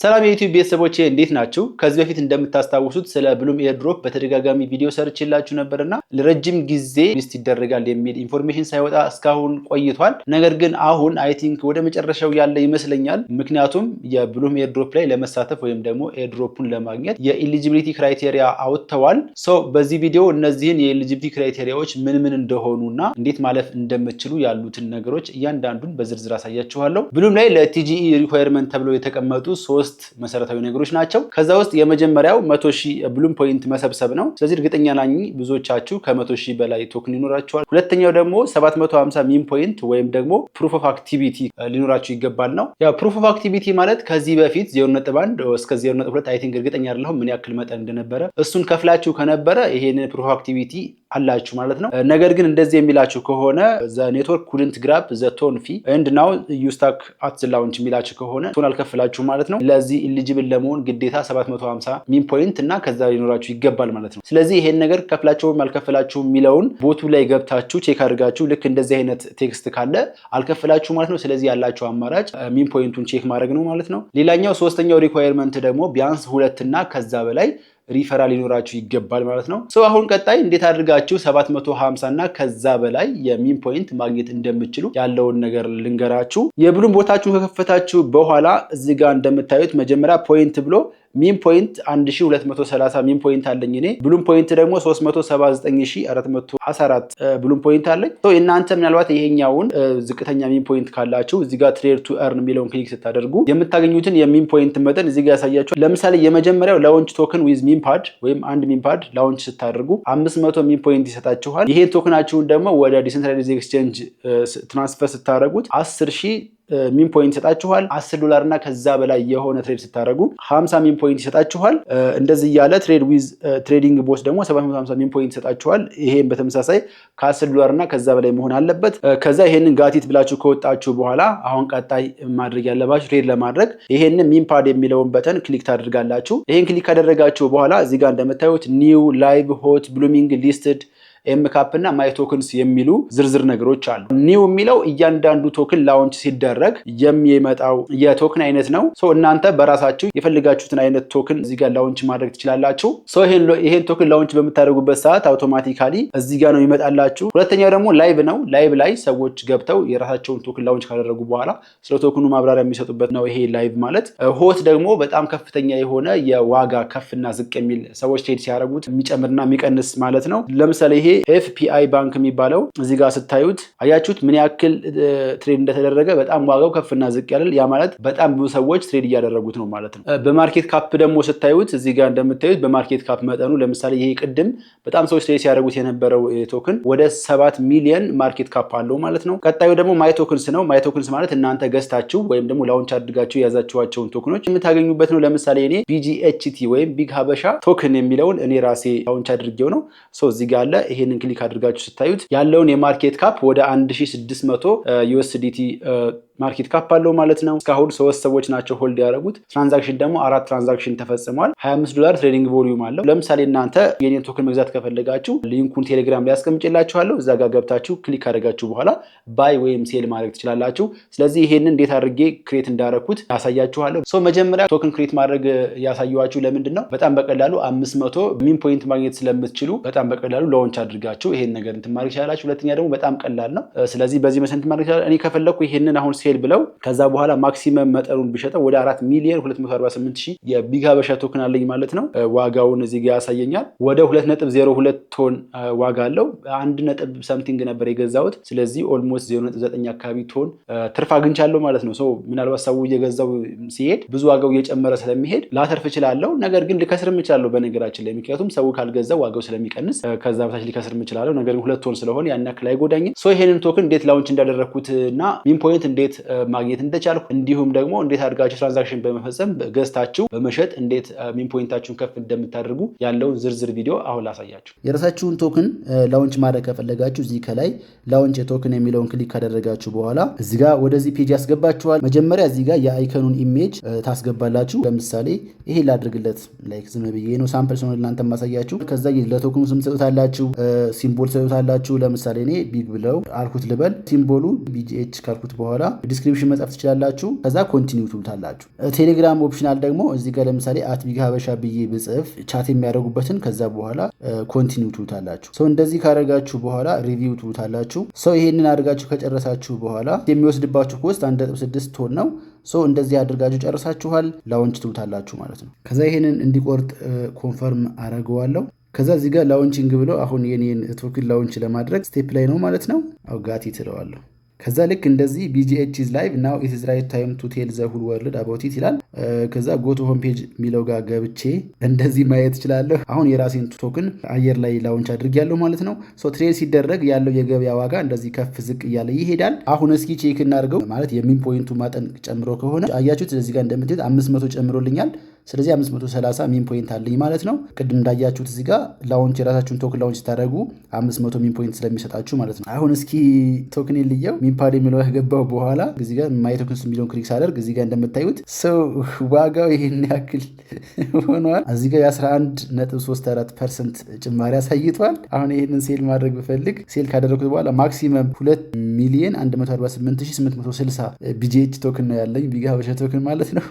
ሰላም የዩቲዩብ ቤተሰቦቼ እንዴት ናችሁ? ከዚህ በፊት እንደምታስታውሱት ስለ ብሉም ኤርድሮፕ በተደጋጋሚ ቪዲዮ ሰርችላችሁ ነበርና ለረጅም ጊዜ ሊስት ይደረጋል የሚል ኢንፎርሜሽን ሳይወጣ እስካሁን ቆይቷል። ነገር ግን አሁን አይ ቲንክ ወደ መጨረሻው ያለ ይመስለኛል። ምክንያቱም የብሉም ኤርድሮፕ ላይ ለመሳተፍ ወይም ደግሞ ኤርድሮፑን ለማግኘት የኤሊጅብሊቲ ክራይቴሪያ አውጥተዋል። ሰው በዚህ ቪዲዮ እነዚህን የኤሊጅብሊቲ ክራይቴሪያዎች ምን ምን እንደሆኑና እንዴት ማለፍ እንደምችሉ ያሉትን ነገሮች እያንዳንዱን በዝርዝር አሳያችኋለሁ። ብሉም ላይ ለቲጂኢ ሪኳየርመንት ተብለው የተቀመጡ ሶስት ሶስት መሰረታዊ ነገሮች ናቸው። ከዛ ውስጥ የመጀመሪያው መቶ ሺህ ብሉም ፖይንት መሰብሰብ ነው። ስለዚህ እርግጠኛ ናኝ ብዙዎቻችሁ ከመቶ ሺህ በላይ ቶክን ይኖራችኋል። ሁለተኛው ደግሞ 750 ሚም ፖይንት ወይም ደግሞ ፕሩፍ ኦፍ አክቲቪቲ ሊኖራችሁ ይገባል ነው። ያው ፕሩፍ ኦፍ አክቲቪቲ ማለት ከዚህ በፊት 0.1 እስከ 0.2 አይ ቲንክ እርግጠኛ አይደለሁም ምን ያክል መጠን እንደነበረ እሱን ከፍላችሁ ከነበረ ይሄን ፕሩፍ አክቲቪቲ አላችሁ ማለት ነው። ነገር ግን እንደዚህ የሚላችሁ ከሆነ ዘ ኔትወርክ ኩድንት ግራብ ዘ ቶን ፊ ኤንድ ናው ዩስታክ አት ዘ ላውንች የሚላችሁ ከሆነ ቶን አልከፍላችሁ ማለት ነው። ለዚህ ኢሊጅብል ለመሆን ግዴታ 750 ሚን ፖይንት እና ከዛ ሊኖራችሁ ይገባል ማለት ነው። ስለዚህ ይሄን ነገር ከፍላችሁም አልከፍላችሁም የሚለውን ቦቱ ላይ ገብታችሁ ቼክ አድርጋችሁ ልክ እንደዚህ አይነት ቴክስት ካለ አልከፍላችሁ ማለት ነው። ስለዚህ ያላችሁ አማራጭ ሚን ፖይንቱን ቼክ ማድረግ ነው ማለት ነው። ሌላኛው ሶስተኛው ሪኳየርመንት ደግሞ ቢያንስ ሁለትና ከዛ በላይ ሪፈራ ሊኖራችሁ ይገባል ማለት ነው። ሰው አሁን ቀጣይ እንዴት አድርጋችሁ 750 እና ከዛ በላይ የሚን ፖይንት ማግኘት እንደምችሉ ያለውን ነገር ልንገራችሁ። የብሉም ቦታችሁን ከከፈታችሁ በኋላ እዚህ ጋር እንደምታዩት መጀመሪያ ፖይንት ብሎ ሚን ፖይንት 1230 ሚን ፖይንት አለኝ እኔ። ብሉም ፖይንት ደግሞ 379414 ብሉም ፖይንት አለኝ። እናንተ ምናልባት ይሄኛውን ዝቅተኛ ሚን ፖይንት ካላችሁ እዚጋ ትሬድ ቱ ኤርን የሚለውን ክሊክ ስታደርጉ የምታገኙትን የሚን ፖይንት መጠን እዚጋ ያሳያችኋል። ለምሳሌ የመጀመሪያው ላውንች ቶክን ዊዝ ሚን ፓድ ወይም አንድ ሚን ፓድ ላውንች ስታደርጉ 500 ሚን ፖይንት ይሰጣችኋል። ይሄን ቶክናችሁን ደግሞ ወደ ዲሰንትራሊዝ ኤክስቼንጅ ትራንስፈር ስታደርጉት 10 ሚን ፖይንት ይሰጣችኋል። አስር ዶላር እና ከዛ በላይ የሆነ ትሬድ ስታደረጉ ሀምሳ ሚን ፖይንት ይሰጣችኋል። እንደዚህ ያለ ትሬድ ዊዝ ትሬዲንግ ቦስ ደግሞ ሰባት መቶ ሀምሳ ሚን ፖይንት ይሰጣችኋል። ይሄን በተመሳሳይ ከአስር ዶላር እና ከዛ በላይ መሆን አለበት። ከዛ ይሄንን ጋቲት ብላችሁ ከወጣችሁ በኋላ አሁን ቀጣይ ማድረግ ያለባችሁ ትሬድ ለማድረግ ይሄንን ፓድ የሚለውን በተን ክሊክ ታደርጋላችሁ። ይሄን ክሊክ ካደረጋችሁ በኋላ እዚህ ጋር እንደምታዩት ኒው ላይቭ ሆት ብሉሚንግ ሊስትድ ኤምካፕ እና ማይ ቶክንስ የሚሉ ዝርዝር ነገሮች አሉ። ኒው የሚለው እያንዳንዱ ቶክን ላውንች ሲደረግ የሚመጣው የቶክን አይነት ነው። እናንተ በራሳችሁ የፈልጋችሁትን አይነት ቶክን እዚህ ጋር ላውንች ማድረግ ትችላላችሁ። ይሄን ቶክን ላውንች በምታደርጉበት ሰዓት አውቶማቲካሊ እዚህ ጋር ነው ይመጣላችሁ። ሁለተኛው ደግሞ ላይቭ ነው። ላይቭ ላይ ሰዎች ገብተው የራሳቸውን ቶክን ላውንች ካደረጉ በኋላ ስለ ቶክኑ ማብራሪያ የሚሰጡበት ነው። ይሄ ላይቭ ማለት ሆት ደግሞ በጣም ከፍተኛ የሆነ የዋጋ ከፍና ዝቅ የሚል ሰዎች ትሬድ ሲያደርጉት የሚጨምርና የሚቀንስ ማለት ነው። ለምሳሌ ይሄ ኤፍፒአይ ባንክ የሚባለው እዚህ ጋር ስታዩት አያችሁት ምን ያክል ትሬድ እንደተደረገ በጣም ዋጋው ከፍና ዝቅ ያለል ያ ማለት በጣም ብዙ ሰዎች ትሬድ እያደረጉት ነው ማለት ነው። በማርኬት ካፕ ደግሞ ስታዩት እዚህ ጋር እንደምታዩት በማርኬት ካፕ መጠኑ ለምሳሌ ይሄ ቅድም በጣም ሰዎች ትሬድ ሲያደርጉት የነበረው ቶክን ወደ ሰባት ሚሊየን ማርኬት ካፕ አለው ማለት ነው። ቀጣዩ ደግሞ ማይ ቶክንስ ነው። ማይ ቶክንስ ማለት እናንተ ገዝታችሁ ወይም ደግሞ ላውንች አድርጋችሁ የያዛችኋቸውን ቶክኖች የምታገኙበት ነው። ለምሳሌ እኔ ቢጂኤችቲ ወይም ቢግ ሀበሻ ቶክን የሚለውን እኔ ራሴ ላውንች አድርጌው ነው ሰው እዚህ ጋር አለ። ይሄንን ክሊክ አድርጋችሁ ስታዩት ያለውን የማርኬት ካፕ ወደ 1600 ዩኤስዲቲ ማርኬት ካፕ አለው ማለት ነው። እስካሁን ሶስት ሰዎች ናቸው ሆልድ ያደረጉት። ትራንዛክሽን ደግሞ አራት ትራንዛክሽን ተፈጽሟል። 25 ዶላር ትሬዲንግ ቮሊዩም አለው። ለምሳሌ እናንተ የኔን ቶክን መግዛት ከፈለጋችሁ ሊንኩን ቴሌግራም ላይ ያስቀምጭላችኋለሁ። እዛ ጋር ገብታችሁ ክሊክ ካደረጋችሁ በኋላ ባይ ወይም ሴል ማድረግ ትችላላችሁ። ስለዚህ ይሄንን እንዴት አድርጌ ክሬት እንዳረኩት ያሳያችኋለሁ። ሰው መጀመሪያ ቶክን ክሬት ማድረግ ያሳየኋችሁ ለምንድን ነው? በጣም በቀላሉ አምስት መቶ ሚን ፖይንት ማግኘት ስለምትችሉ በጣም በቀላሉ ሎንች አድርጋችሁ ይሄን ነገር እንትን ማድረግ ይችላላችሁ። ሁለተኛ ደግሞ በጣም ቀላል ነው። ስለዚህ በዚህ መሰረት ማድረግ ይችላል። እኔ ከፈለግኩ ይሄንን አሁን ሴል ብለው ከዛ በኋላ ማክሲመም መጠኑን ቢሸጠው ወደ አራት ሚሊዮን 248 ሺህ የቢግ ሀበሻ ቶክን አለኝ ማለት ነው። ዋጋውን እዚህ ጋር ያሳየኛል። ወደ 2.02 ቶን ዋጋ አለው። አንድ ነጥብ ሰምቲንግ ነበር የገዛሁት። ስለዚህ ኦልሞስት 0.9 አካባቢ ቶን ትርፍ አግኝቻለሁ ማለት ነው። ሰው ምናልባት ሰው እየገዛው ሲሄድ ብዙ ዋጋው እየጨመረ ስለሚሄድ ላተርፍ እችላለሁ፣ ነገር ግን ልከስርም እችላለሁ። በነገራችን ላይ ምክንያቱም ሰው ካልገዛው ዋጋው ስለሚቀንስ ከዛ በታች ሊከስርም እችላለሁ። ነገር ግን ሁለት ቶን ስለሆነ ያን ያክል አይጎዳኝም። ሶ ይሄንን ቶክን እንዴት ላውንች እንዳደረግኩት እና ሚን ፖይንት እንዴት ማግኘት እንደቻልኩ እንዲሁም ደግሞ እንዴት አድርጋችሁ ትራንዛክሽን በመፈጸም ገዝታችሁ በመሸጥ እንዴት ሚን ፖይንታችሁን ከፍ እንደምታደርጉ ያለውን ዝርዝር ቪዲዮ አሁን ላሳያችሁ። የራሳችሁን ቶክን ላውንች ማድረግ ከፈለጋችሁ እዚህ ከላይ ላውንች ቶክን የሚለውን ክሊክ ካደረጋችሁ በኋላ እዚጋ ወደዚህ ፔጅ ያስገባችኋል። መጀመሪያ እዚጋ የአይከኑን ኢሜጅ ታስገባላችሁ። ለምሳሌ ይሄ ላድርግለት ላይክ ዝም ብዬ ነው ሳምፕል ሲሆን እናንተ ማሳያችሁ። ከዛ ለቶክኑ ስም ትሰጡታላችሁ፣ ሲምቦል ትሰጡታላችሁ። ለምሳሌ እኔ ቢግ ብለው አልኩት ልበል። ሲምቦሉ ቢጂኤች ካልኩት በኋላ ዲስክሪፕሽን መጻፍ ትችላላችሁ። ከዛ ኮንቲኒው ትሉታላችሁ። ቴሌግራም ኦፕሽናል ደግሞ እዚህ ጋር ለምሳሌ አት ቢግ ሀበሻ ብዬ ብጽፍ ቻት የሚያደርጉበትን ከዛ በኋላ ኮንቲኒው ትሉታላችሁ። ሰው እንደዚህ ካደረጋችሁ በኋላ ሪቪው ትሉታላችሁ። ሰው ይሄንን አድርጋችሁ ከጨረሳችሁ በኋላ የሚወስድባችሁ ኮስት ስድስት ቶን ነው። ሰው እንደዚህ አድርጋችሁ ጨርሳችኋል። ላውንች ትሉታላችሁ ማለት ነው። ከዛ ይሄንን እንዲቆርጥ ኮንፈርም አረገዋለሁ። ከዛ እዚህ ጋር ላውንቺንግ ብለው አሁን የኔን ቶክን ላውንች ለማድረግ ስቴፕ ላይ ነው ማለት ነው። አውጋቲ ትለዋለሁ። ከዛ ልክ እንደዚህ ቢጂኤች ኢዝ ላይቭ ናው ራይት ታይም ቱ ቴል ዘ ሁል ወርልድ አባውት ኢት ይላል። ከዛ ጎቶ ሆም ፔጅ የሚለው ጋር ገብቼ እንደዚህ ማየት እችላለሁ። አሁን የራሴን ቶክን አየር ላይ ላውንች አድርጌያለሁ ማለት ነው። ሶ ትሬድ ሲደረግ ያለው የገበያ ዋጋ እንደዚህ ከፍ ዝቅ እያለ ይሄዳል። አሁን እስኪ ቼክ እናድርገው ማለት የሚን ፖይንቱ ማጠን ጨምሮ ከሆነ አያችሁት፣ እዚህ ጋር እንደምትሄድ አምስት መቶ ጨምሮልኛል። ስለዚህ 530 ሚን ፖይንት አለኝ ማለት ነው። ቅድም እንዳያችሁት እዚህ ጋር ላውንች የራሳችሁን ቶክን ላውንች ስታደረጉ 500 ሚን ፖይንት ስለሚሰጣችሁ ማለት ነው። አሁን እስኪ ቶክን ልየው። ሚንፓድ የሚለው ከገባው በኋላ እዚህ ጋር ማይ ቶክንስ የሚለውን ክሊክ ሳደርግ እዚጋ እንደምታዩት ሰው ዋጋው ይህን ያክል ሆኗል። እዚህ ጋር የ11.34 ፐርሰንት ጭማሪ አሳይቷል። አሁን ይህንን ሴል ማድረግ ብፈልግ ሴል ካደረግኩት በኋላ ማክሲመም 2 ሚሊዮን 148860 ቢጂኤች ቶክን ነው ያለኝ ቢጋ ሀበሻ ቶክን ማለት ነው።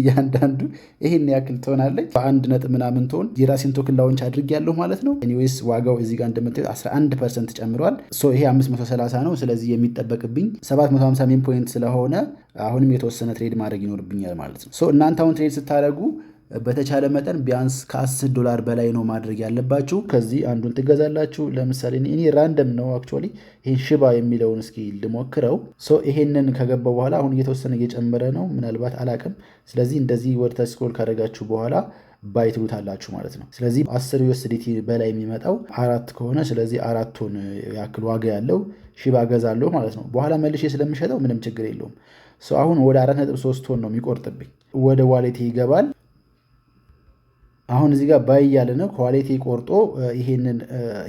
እያንዳንዱ ይሄን ያክል ትሆናለች። በአንድ ነጥብ ምናምን ትሆን የራሴን ቶክን ላውንች ያለሁ ማለት ነው። ኤኒዌይስ ዋጋው እዚህ ጋር እንደምታዩት 11 ፐርሰንት ጨምሯል። ይሄ 530 ነው። ስለዚህ የሚጠበቅብኝ 750 ሜን ፖይንት ስለሆነ አሁንም የተወሰነ ትሬድ ማድረግ ይኖርብኛል ማለት ነው። እናንተ አሁን ትሬድ ስታደረጉ በተቻለ መጠን ቢያንስ ከ10 ዶላር በላይ ነው ማድረግ ያለባችሁ። ከዚህ አንዱን ትገዛላችሁ። ለምሳሌ እኔ ራንደም ነው አክቹዋሊ ይህን ሽባ የሚለውን እስኪ ልሞክረው። ሶ ይሄንን ከገባው በኋላ አሁን እየተወሰነ እየጨመረ ነው፣ ምናልባት አላቅም። ስለዚህ እንደዚህ ወደ ታች ስክሮል ካደረጋችሁ በኋላ ባይ ትሉታላችሁ ማለት ነው። ስለዚህ 10 ዩኤስዲቲ በላይ የሚመጣው አራት ከሆነ ስለዚህ አራቱን ያክል ዋጋ ያለው ሺባ ገዛለሁ ማለት ነው። በኋላ መልሼ ስለምሸጠው ምንም ችግር የለውም። አሁን ወደ አራት ነጥብ ሶስት ቶን ነው የሚቆርጥብኝ። ወደ ዋሌቴ ይገባል። አሁን እዚህ ጋር ባይ እያለ ነው ኳሊቲ ቆርጦ ይሄንን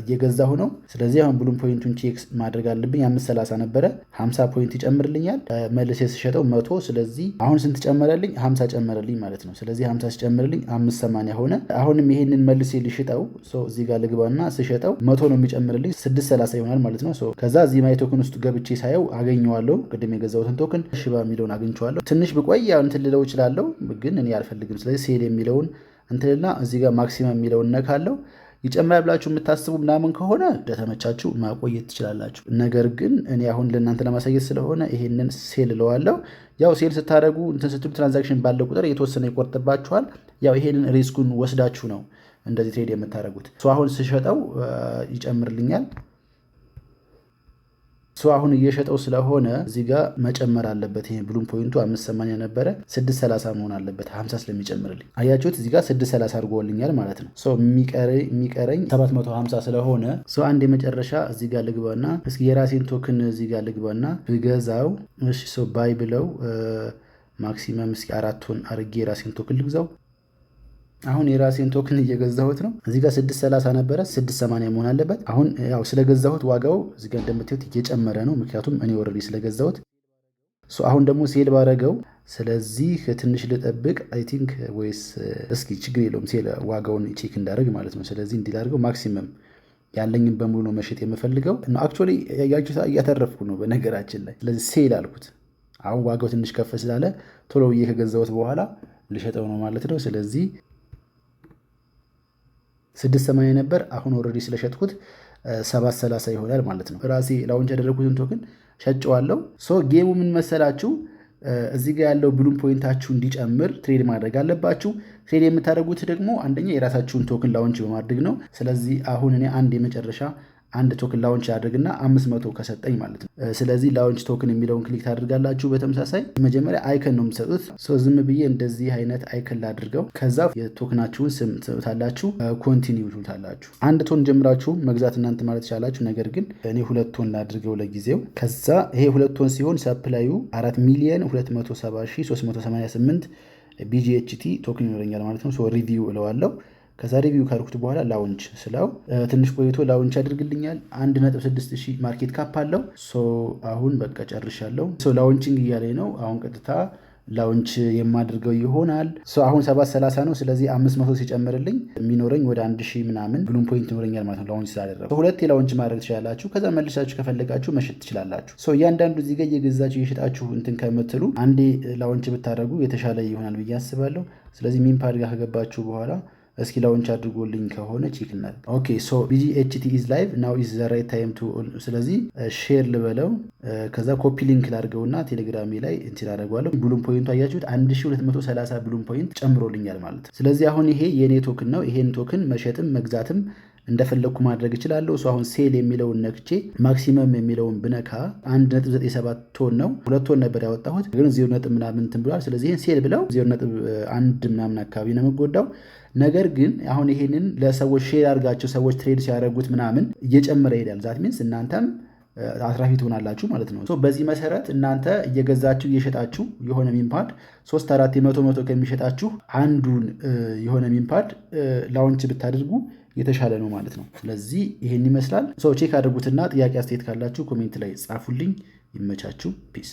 እየገዛሁ ነው። ስለዚህ አሁን ብሉም ፖይንቱን ቼክ ማድረግ አለብኝ። አምስት ሰላሳ ነበረ ሀምሳ ፖይንት ይጨምርልኛል። መልሴ ስሸጠው መቶ ስለዚህ አሁን ስንት ጨመረልኝ? ሀምሳ ጨመረልኝ ማለት ነው። ስለዚህ ሀምሳ ሲጨምርልኝ አምስት ሰማንያ ሆነ። አሁንም ይሄንን መልሴ ልሽጠው እዚህ ጋር ልግባና ስሸጠው መቶ ነው የሚጨምርልኝ ስድስት ሰላሳ ይሆናል ማለት ነው። ከዛ እዚህ ማይ ቶክን ውስጥ ገብቼ ሳየው አገኘዋለሁ። ቅድም የገዛሁትን ቶክን ሽባ የሚለውን አግኝቸዋለሁ። ትንሽ ብቆይ ያው እንትን ልለው እችላለሁ፣ ግን እኔ አልፈልግም። ስለዚህ ሴል የሚለውን እንትንና እዚህ ጋር ማክሲመም የሚለው እነካለው ይጨምራል ብላችሁ የምታስቡ ምናምን ከሆነ እንደተመቻችሁ ማቆየት ትችላላችሁ። ነገር ግን እኔ አሁን ለእናንተ ለማሳየት ስለሆነ ይሄንን ሴል እለዋለሁ። ያው ሴል ስታደረጉ እንትን ስትሉ ትራንዛክሽን ባለው ቁጥር የተወሰነ ይቆርጥባችኋል። ያው ይሄንን ሪስኩን ወስዳችሁ ነው እንደዚህ ትሬድ የምታደረጉት። አሁን ስሸጠው ይጨምርልኛል ሰው አሁን እየሸጠው ስለሆነ እዚህ ጋር መጨመር አለበት። ይሄ ብሉም ፖይንቱ አምስት ሰማንያ ነበረ ስድስት ሰላሳ መሆን አለበት ሀምሳ ስለሚጨምርልኝ አያችሁት። እዚህ ጋር ስድስት ሰላሳ አድርጎልኛል ማለት ነው። የሚቀረኝ ሰባት መቶ ሀምሳ ስለሆነ ሰው አንድ የመጨረሻ እዚህ ጋር ልግባና እስኪ የራሴን ቶክን እዚህ ጋር ልግባና ብገዛው ሰው ባይ ብለው ማክሲመም እስኪ አራቱን አርጌ የራሴን ቶክን ልግዛው አሁን የራሴን ቶክን እየገዛሁት ነው። እዚህ ጋር 630 ነበረ 680 መሆን አለበት። አሁን ያው ስለገዛሁት ዋጋው እዚህ ጋር እንደምታዩት እየጨመረ ነው፣ ምክንያቱም እኔ ወረዲ ስለገዛሁት። አሁን ደግሞ ሴል ባረገው፣ ስለዚህ ትንሽ ልጠብቅ አይ ቲንክ ወይስ እስኪ ችግር የለውም ሴል ዋጋውን ቼክ እንዳደረግ ማለት ነው። ስለዚህ እንዲል ማክሲመም ያለኝን በሙሉ ነው መሸጥ የምፈልገው። አክቹዋሊ እያተረፍኩ ነው በነገራችን ላይ። ስለዚህ ሴል አልኩት። አሁን ዋጋው ትንሽ ከፍ ስላለ ቶሎ ብዬ ከገዛሁት በኋላ ልሸጠው ነው ማለት ነው። ስለዚህ ስድስት ሰማንያ ነበር። አሁን ኦልሬዲ ስለሸጥኩት ሰባት ሰላሳ ይሆናል ማለት ነው። ራሴ ላውንች ያደረግኩትን ቶክን ሸጨዋለሁ። ሶ ጌሙ ምን መሰላችሁ? እዚህ ጋር ያለው ብሉም ፖይንታችሁ እንዲጨምር ትሬድ ማድረግ አለባችሁ። ትሬድ የምታደርጉት ደግሞ አንደኛ የራሳችሁን ቶክን ላውንች በማድረግ ነው። ስለዚህ አሁን እኔ አንድ የመጨረሻ አንድ ቶክን ላውንች ያደርግና አምስት መቶ ከሰጠኝ ማለት ነው። ስለዚህ ላውንች ቶክን የሚለውን ክሊክ ታደርጋላችሁ። በተመሳሳይ መጀመሪያ አይከን ነው የምትሰጡት። ዝም ብዬ እንደዚህ አይነት አይከን ላድርገው። ከዛ የቶክናችሁን ስም ትሰጡታላችሁ፣ ኮንቲኒው ትሉታላችሁ። አንድ ቶን ጀምራችሁ መግዛት እናንተ ማለት ይቻላችሁ። ነገር ግን እኔ ሁለት ቶን ላድርገው ለጊዜው። ከዛ ይሄ ሁለት ቶን ሲሆን ሰፕላዩ አራት ሚሊየን 270 388 ቢጂኤችቲ ቶክን ይኖረኛል ማለት ነው። ሪቪው እለዋለሁ። ከዛ ሪቪው ካርኩት በኋላ ላውንች ስለው ትንሽ ቆይቶ ላውንች ያደርግልኛል። አንድ ነጥብ ስድስት ሺህ ማርኬት ካፕ አለው። አሁን በቃ ጨርሻለሁ። ላውንቺንግ እያለ ነው። አሁን ቀጥታ ላውንች የማደርገው ይሆናል። አሁን ሰባት ሰላሳ ነው። ስለዚህ አምስት መቶ ሲጨምርልኝ የሚኖረኝ ወደ አንድ ሺህ ምናምን ብሉም ፖይንት ይኖረኛል ማለት ነው። ላውንች ስላደረገ ሁለት ላውንች ማድረግ ትችላላችሁ። ከዛ መልሳችሁ ከፈለጋችሁ መሸጥ ትችላላችሁ። እያንዳንዱ እዚህ ጋር እየገዛችሁ እየሸጣችሁ እንትን ከምትሉ አንዴ ላውንች ብታደርጉ የተሻለ ይሆናል ብዬ አስባለሁ። ስለዚህ ሚን ፓድ ጋር ከገባችሁ በኋላ እስኪ ላውንች አድርጎልኝ ከሆነ ቼክ እናድርግ። ኦኬ ሶ ቢጂ ኢዝ ላይቭ ናው ኢዝ ዘ ራይት ታይም ቱ ስለዚህ ሼር ልበለው፣ ከዛ ኮፒ ሊንክ ላድርገውና ቴሌግራሚ ላይ እንትን አደርገዋለሁ። ብሉም ፖይንቱ አያችሁት 1230 ብሉም ፖይንት ጨምሮልኛል ማለት። ስለዚህ አሁን ይሄ የእኔ ቶክን ነው። ይሄን ቶክን መሸጥም መግዛትም እንደፈለግኩ ማድረግ እችላለሁ። እሱ አሁን ሴል የሚለውን ነክቼ ማክሲመም የሚለውን ብነካ 1.97 ቶን ነው። ሁለት ቶን ነበር ያወጣሁት፣ ግን ዜሮ ነጥብ ምናምን እንትን ብሏል። ስለዚህ ሴል ብለው ዜሮ ነጥብ አንድ ምናምን አካባቢ ነው የምጎዳው። ነገር ግን አሁን ይሄንን ለሰዎች ሼር አድርጋቸው ሰዎች ትሬድ ሲያደርጉት ምናምን እየጨመረ ይሄዳል። ዛት ሚንስ እናንተም አትራፊ ትሆናላችሁ ማለት ነው። በዚህ መሰረት እናንተ እየገዛችሁ እየሸጣችሁ የሆነ ሚንፓድ ሶስት አራት የመቶ መቶ ከሚሸጣችሁ አንዱን የሆነ ሚንፓድ ላውንች ብታደርጉ የተሻለ ነው ማለት ነው። ስለዚህ ይሄን ይመስላል ሰው ቼክ አድርጉትና ጥያቄ አስተያየት ካላችሁ ኮሜንት ላይ ጻፉልኝ። ይመቻችሁ። ፒስ